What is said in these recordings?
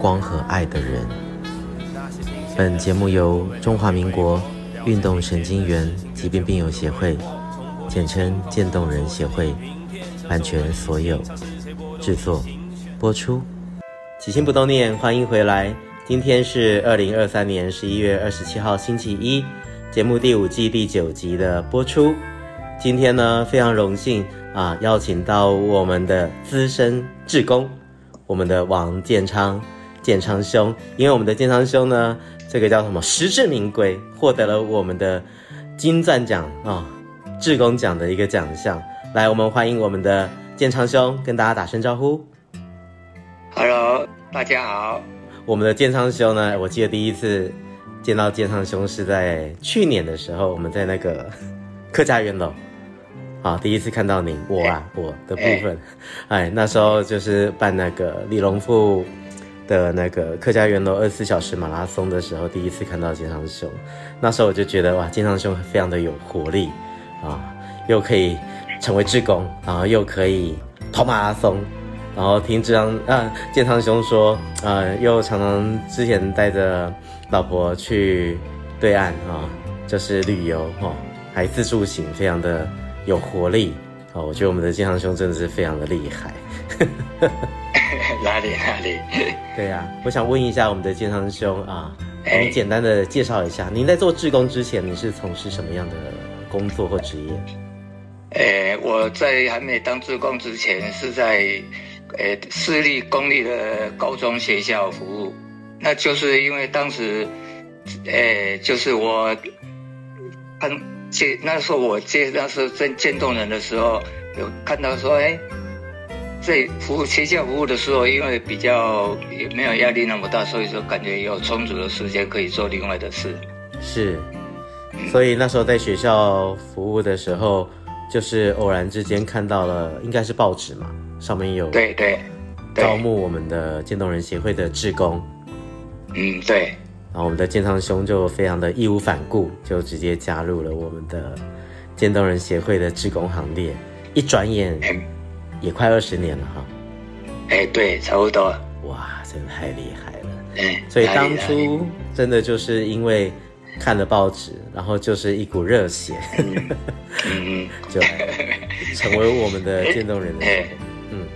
光和愛的人。本節目由中華民國運動神經元疾病病友協會，簡稱漸凍人協會，版權所有製作播出。起心不凍念，歡迎回來。今天是二零二三年十一月二十七號星期一，節目第五季第九集的播出。今天呢，非常榮幸啊，邀請到我們的資深志工，我們的王健昌。健昌兄，因為我們的健昌兄呢，這個叫什麼？實至名歸，獲得了我們的金鑽獎啊，志、哦、工獎的一個獎項。來，我們歡迎我們的健昌兄，跟大家打聲招呼。Hello，大家好。我們的健昌兄呢，我記得第一次見到健昌兄是在去年的時候，我們在那個客家院樓啊，第一次看到你。我啊，hey. 我的部分，哎，那時候就是辦那個李隆富的那個客家圓樓二十四小時馬拉松的時候，第一次看到健昌兄，那時候我就覺得哇，健昌兄非常的有活力啊，又可以成為志工啊，又可以跑馬拉松，然後聽這張啊，健昌兄說，呃、啊，又常常之前帶着老婆去對岸啊，就是旅遊哦，還自助行，非常的有活力啊，我覺得我們的健昌兄真的是非常的厲害。 厲害厲害！ 對呀、啊，我想問一下我們的健昌兄啊，你簡單的介紹一下，您、欸、在做志工之前，你是從事什麼樣的工作或職業？欸、我在還沒當志工之前，是在、欸、私立公立的高中學校服務。那就是因為當時，欸、就是我，接那時候我接那時候真，見動人的時候，有看到說，哎、欸。在服務學校服務的時候，因為比較也沒有壓力那麼大，所以說感覺有充足的時間可以做另外的事。是、嗯，所以那時候在學校服務的時候，就是偶然之間看到了，應該是報紙嘛，上面有對對招募我們的漸凍人協會的志工。嗯，對。然後我們的健昌兄就非常的義無反顧，就直接加入了我們的漸凍人協會的志工行列。一轉眼。嗯也快二十年了哈，哎、欸，對，差不多。哇，真的太厲害了。嗯、欸。所以當初真的就是因為看了報紙，欸、然後就是一股熱血，嗯嗯， 就成為我們的電動人的、欸欸、嗯，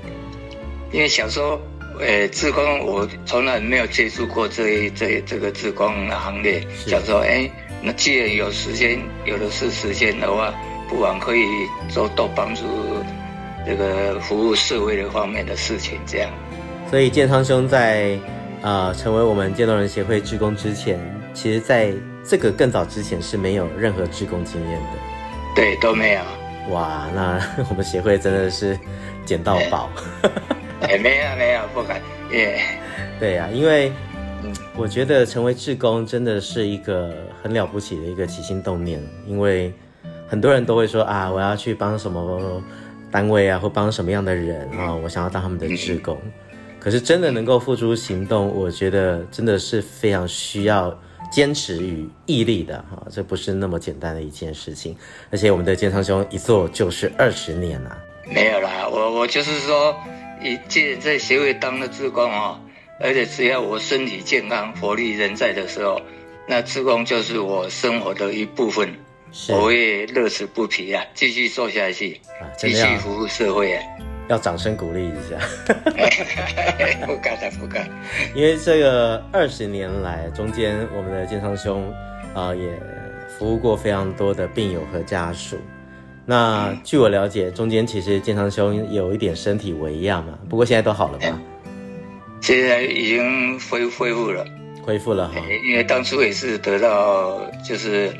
因為小時候，呃，志工我從來沒有接觸過這這、這個志工的行列。小時候，哎、欸，那既然有時間，有的是時間的話，不妨可以做多幫助。這個服務社會的方面的事情，這樣。所以健昌兄在啊、呃、成為我們漸凍人協會志工之前，其實在這個更早之前是沒有任何志工經驗的。對，都沒有。哇，那我們協會真的是撿到寶。欸 欸、沒有沒有，不敢。也對呀、啊，因為我覺得成為志工真的是一個很了不起的一個起心動念，因為很多人都會說啊，我要去幫什麼單位啊，或幫什麼樣的人啊，哦？我想要當他們的志工，嗯，可是真的能夠付諸行動，我覺得真的是非常需要堅持與毅力的哈，哦，這不是那麼簡單的一件事情。而且我們的健昌兄一做就是二十年了。啊，沒有啦，我我就是說，既然在協會當了志工哦，而且只要我身體健康，活力仍在的時候，那志工就是我生活的一部分。我也樂此不疲啊，繼續做下去，啊，繼續服務社會、啊、要掌聲鼓勵一下。 不敢了，不敢了，因為這個二十年來中間，我們的健昌兄，啊、呃，也服務過非常多的病友和家屬。那據我了解，嗯、中間其實健昌兄有一點身體微恙嘛，不過現在都好了嗎、嗯？現在已經恢恢復了，恢復了哈、哦，因為當初也是得到就是。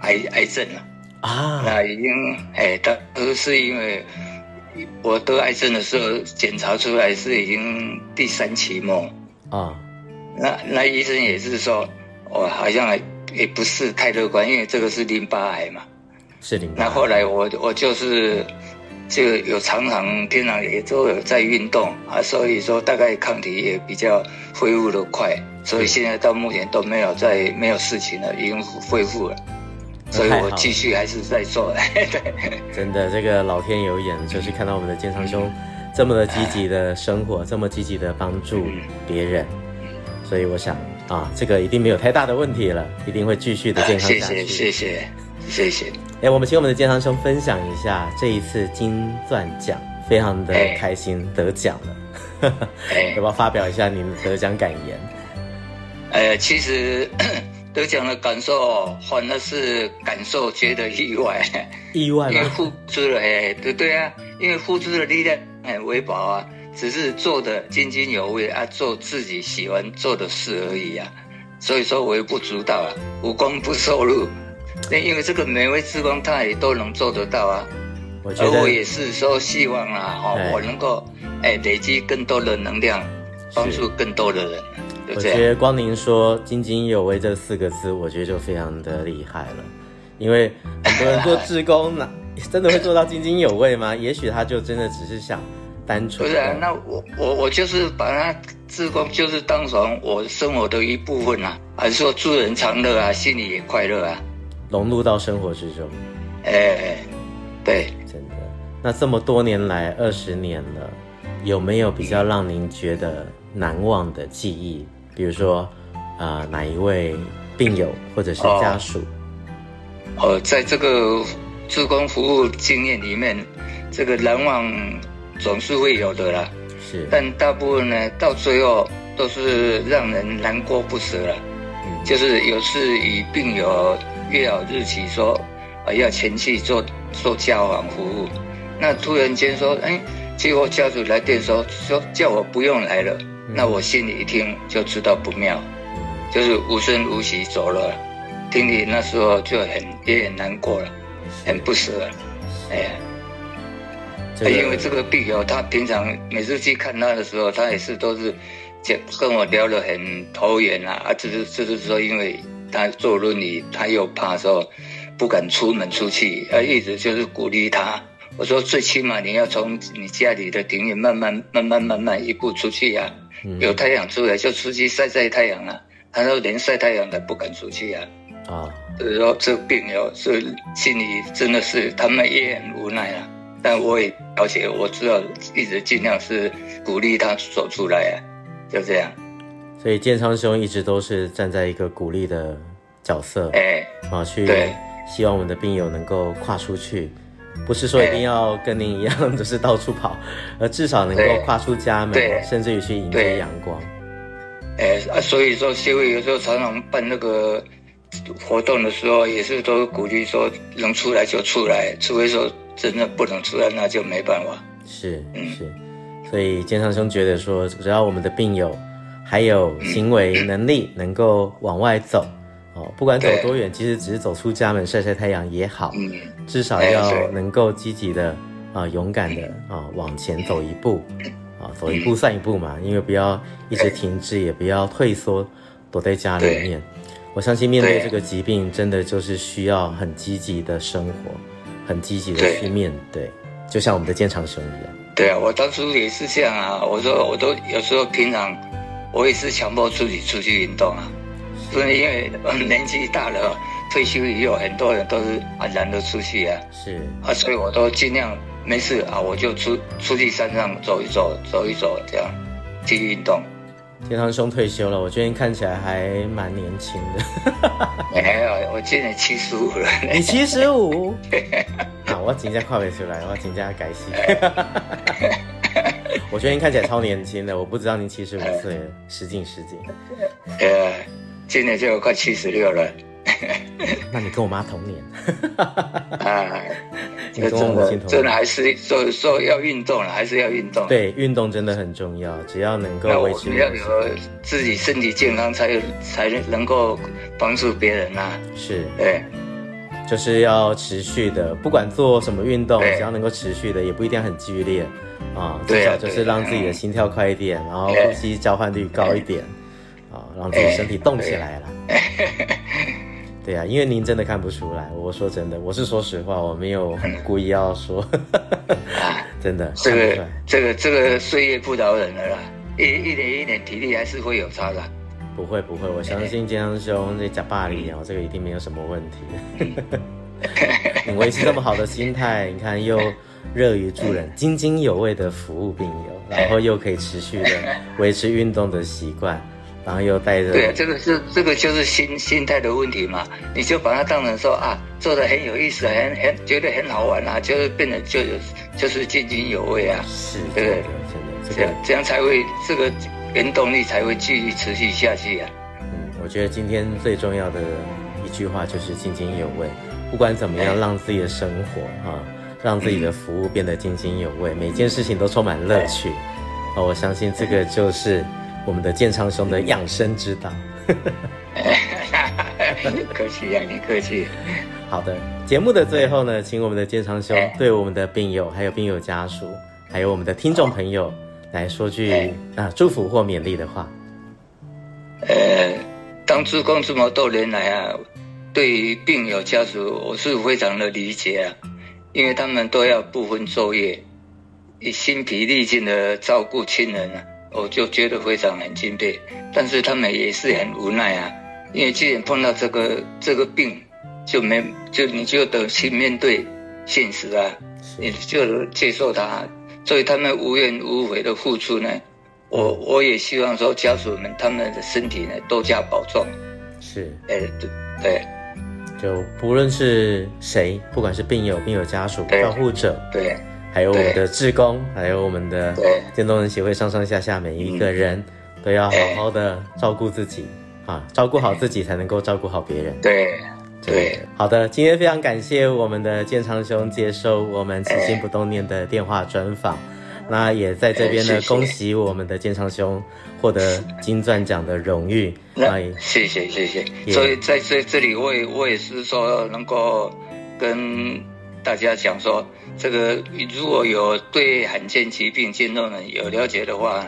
癌癌症了啊！那已經哎，都、欸、都是因為，我得癌症的時候檢查出來是已經第三期嘛啊，那那醫生也是說，我好像也，也不是太樂觀，因為這個是淋巴癌嘛。是的。那後來我我就是，就有常常平常也都有在運動啊，所以說大概抗體也比較恢復的快，所以現在到目前都沒有再沒有事情了，已經恢復了。所以我繼續還是在做，嗯，對， 真的，這個老天有眼，就是看到我們的健昌兄這麼的積極的生活，嗯，這麼積極的幫助別人，嗯嗯，所以我想啊，這個一定沒有太大的問題了，一定會繼續的健康下去，啊。謝謝，謝謝，謝謝。哎，欸，我們請我們的健昌兄分享一下，這一次金鑽獎，非常的開心，欸，得獎了，要不要發表一下您的得獎感言？呃，欸，其實。 得獎的感受，反而是感受覺得意外，意外，因為付出了對、欸、對啊，因為付出了力量，哎、欸，微薄啊，只是做的津津有味啊，做自己喜歡做的事而已啊，所以說微不足道啊，無功不受祿，那因為這個每位志工，他也都能做得到啊，我覺得，而我也是說希望啊，欸、我能夠哎、欸、累積更多的能量，幫助更多的人。我覺得光您說“津津有味”這四個字，我覺得就非常的厲害了，因為很多人做志工啊，哪 真的會做到津津有味嗎？ 也許他就真的只是想單純。不是啊，那我我我就是把它志工就是當成我生活的一部分啊，還是說助人常樂啊，心裡也快樂啊，融入到生活之中。哎， 對，真的。那這麼多年來，二十年了，有沒有比較讓您覺得難忘的記憶？比如說，啊、呃，哪一位病友或者是家屬？哦，哦在這個志工服務經驗裡面，這個難忘總是會有的啦。是。但大部分呢，到最後都是讓人難過不捨了，嗯。就是有次與病友約好日期說，說、啊、要前去做做家訪服務，那突然間說，哎，結果家屬來電說，說叫我不用來了。那我心裡一聽就知道不妙，就是無聲無息走了，心裡那時候就很也很難過了，很不捨。哎、啊，因為這個病友，他平常每次去看他的時候，他也是都是，跟我聊得很投緣啊。啊，只是就是說，因為他坐輪椅，他又怕說不敢出門出去，啊，一直就是鼓勵他。我說最起碼你要從你家裡的庭院慢慢慢慢慢慢一步出去呀、啊。嗯、有太陽出來就出去曬曬太陽了，啊，他說連曬太陽都不敢出去啊，啊，然後這個病友是心裡真的是他們也很無奈啊，但我也了解，而且我知道一直盡量是鼓勵他走出來啊，就這樣，所以健昌兄一直都是站在一個鼓勵的角色，哎、欸，我要去希望我們的病友能夠跨出去。不是說一定要跟您一樣，就是到處跑，欸、而至少能夠跨出家門，甚至於去迎接陽光。哎、欸啊，所以說協會有時候常常辦那個活動的時候，也是都是鼓勵說能出來就出來，除、嗯、非說真的不能出來，那就沒辦法。是、嗯、是，所以健昌兄覺得說，只要我們的病友還有行為能力，能夠往外走、嗯，哦，不管走多遠，其實只是走出家門曬曬太陽也好。嗯至少要能夠積極的、欸、啊，勇敢的啊，往前走一步啊，走一步算一步嘛，嗯、因為不要一直停滯、欸，也不要退縮，躲在家裡面。我相信面對這個疾病，真的就是需要很積極的生活，很積極的去面對，對，就像我們的健昌兄一樣。對啊，我當初也是這樣啊，我說我都有時候平常我也是強迫自己出去運動啊，所以因為我年紀大了。退休以後很多人都是很懶得出去啊，是啊，所以我都盡量沒事啊，我就出出去山上走一走，走一走這樣，去運動。健昌兄退休了，我最近看起來還蠻年輕的。沒 有、欸，我今年七十五了。你七十五？啊，我請假快沒出來，我請假改期。 欸、 我最近看起來超年輕的，我不知道您七十五歲了，失敬失敬。呃、欸，今年就快七十六了。 那你跟我媽同年， 啊、同真，的真的還是所以說說要運動了，還是要運動？對，運動真的很重要，只要能夠維持，要有自己身體健康才有，才才能能夠幫助別人啊。是，對，就是要持續的，不管做什麼運動，只要能夠持續的，也不一定很劇烈啊，至、哦、少就是讓自己的心跳快一點，然後呼吸交換率高一點啊、哦，讓自己身體動起來了。 對呀、啊，因為您真的看不出來，我說真的，我是說實話，我沒有故意要說，嗯、 真的，這個不這個這個歲月不饒人了啦，嗯、一一點一點體力還是會有差的。不會不會，我相信健昌兄你呷百二啊，這個一定沒有什麼問題。嗯、 你維持這麼好的心態，你看又樂於助人、哎，津津有味的服務病友，然後又可以持續的維持運動的習慣。然後又帶着對、啊，這個是這個就是心心態的問題嘛，你就把它當成說啊，做得很有意思，很很覺得很好玩啊，就是變得就有就是津津有味啊，是，對，對，對，對，真的，這，個、這樣這樣才會這個原動力才會繼續持續下去啊。嗯，我覺得今天最重要的一句話就是津津有味，不管怎麼樣，讓自己的生活哈、哎啊，讓自己的服務變得津津有味、嗯，每件事情都充滿樂趣、嗯、啊！我相信這個就是。我們的健昌兄的養生之道。客氣，讓你客氣、啊。好的，節目的最後呢，請我們的健昌兄，欸，對我們的病友，還有病友家屬，還有我們的聽眾朋友，嗯、來說句，欸、啊祝福或勉勵的話。呃，當志工這麼多年來啊，對於病友家屬，我是非常的理解啊，因為他們都要不分晝夜，以心疲力盡的照顧親人啊。我就覺得非常很欽佩，但是他們也是很無奈啊，因為既然碰到這個這個病，就沒就你就得去面對現實啊，是你就接受他，所以他們無怨無悔的付出呢，我我也希望說家屬們他們的身體呢多加保重。是，哎、欸，對對，就不論是誰，不管是病友、病友家屬、保護者，對。還有我們的志工，還有我們的漸凍人協會上上下下每一個人，都要好好的照顧自己啊，照顧好自己才能夠照顧好別人。對，對。對，好的，今天非常感謝我們的健昌兄接受我們《起心不凍念》的電話專訪，哎，那也在這邊呢，哎、謝謝恭喜我們的健昌兄獲得金鑽獎的榮譽。歡迎，謝謝謝謝。所以在在這裡，我也我也是說能夠跟。大家想說，這個如果有對罕見疾病漸凍人有了解的話，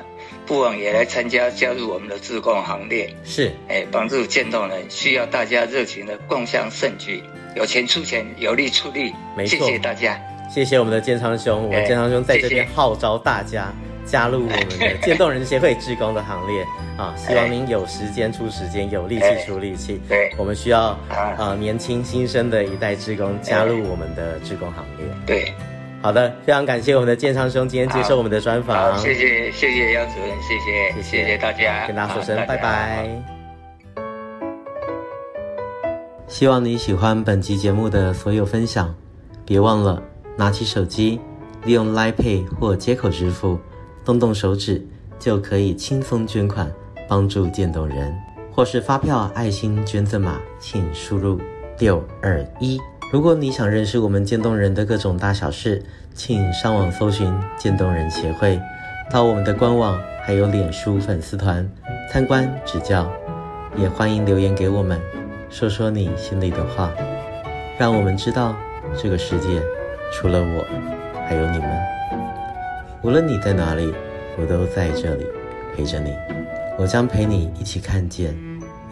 不妨也來參加，加入我們的志工行列。是，哎、欸，幫助漸凍人需要大家熱情的共襄盛舉，有錢出錢，有力出力。沒錯，謝謝大家，謝謝我們的健昌兄，我健昌兄在這邊號召大家。欸謝謝，加入我們的漸凍人協會志工的行列 啊！希望您有時間出時間，有力氣出力氣。對，我們需要啊，啊年輕新生的一代志工加入我們的志工行列。對，好的，非常感謝我們的健昌兄今天接受我們的專訪。謝謝謝謝楊主任，謝謝謝謝，謝，謝，謝，謝，謝謝大家、啊，跟大家說聲拜拜。希望你喜歡本期節目的所有分享，別忘了拿起手機，利用 LINE Pay 或街口支付。動動手指就可以輕鬆捐款，幫助漸凍人，或是發票愛心捐贈碼，請輸入六二一。如果你想認識我們漸凍人的各種大小事，請上網搜尋漸凍人協會，到我們的官網還有臉書粉絲團參觀指教，也歡迎留言給我們，說說你心裡的話，讓我們知道這個世界除了我，還有你們。無論你在哪裡，我都在這裡陪着你。我將陪你一起看見，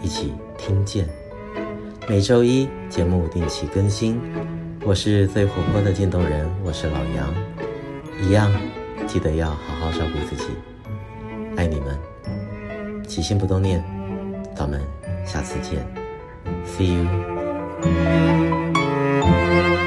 一起聽見。每週一節目定期更新。我是最活潑的漸凍人，我是老楊。一樣，記得要好好照顧自己。愛你們，起心不凍念，咱們下次見。See you.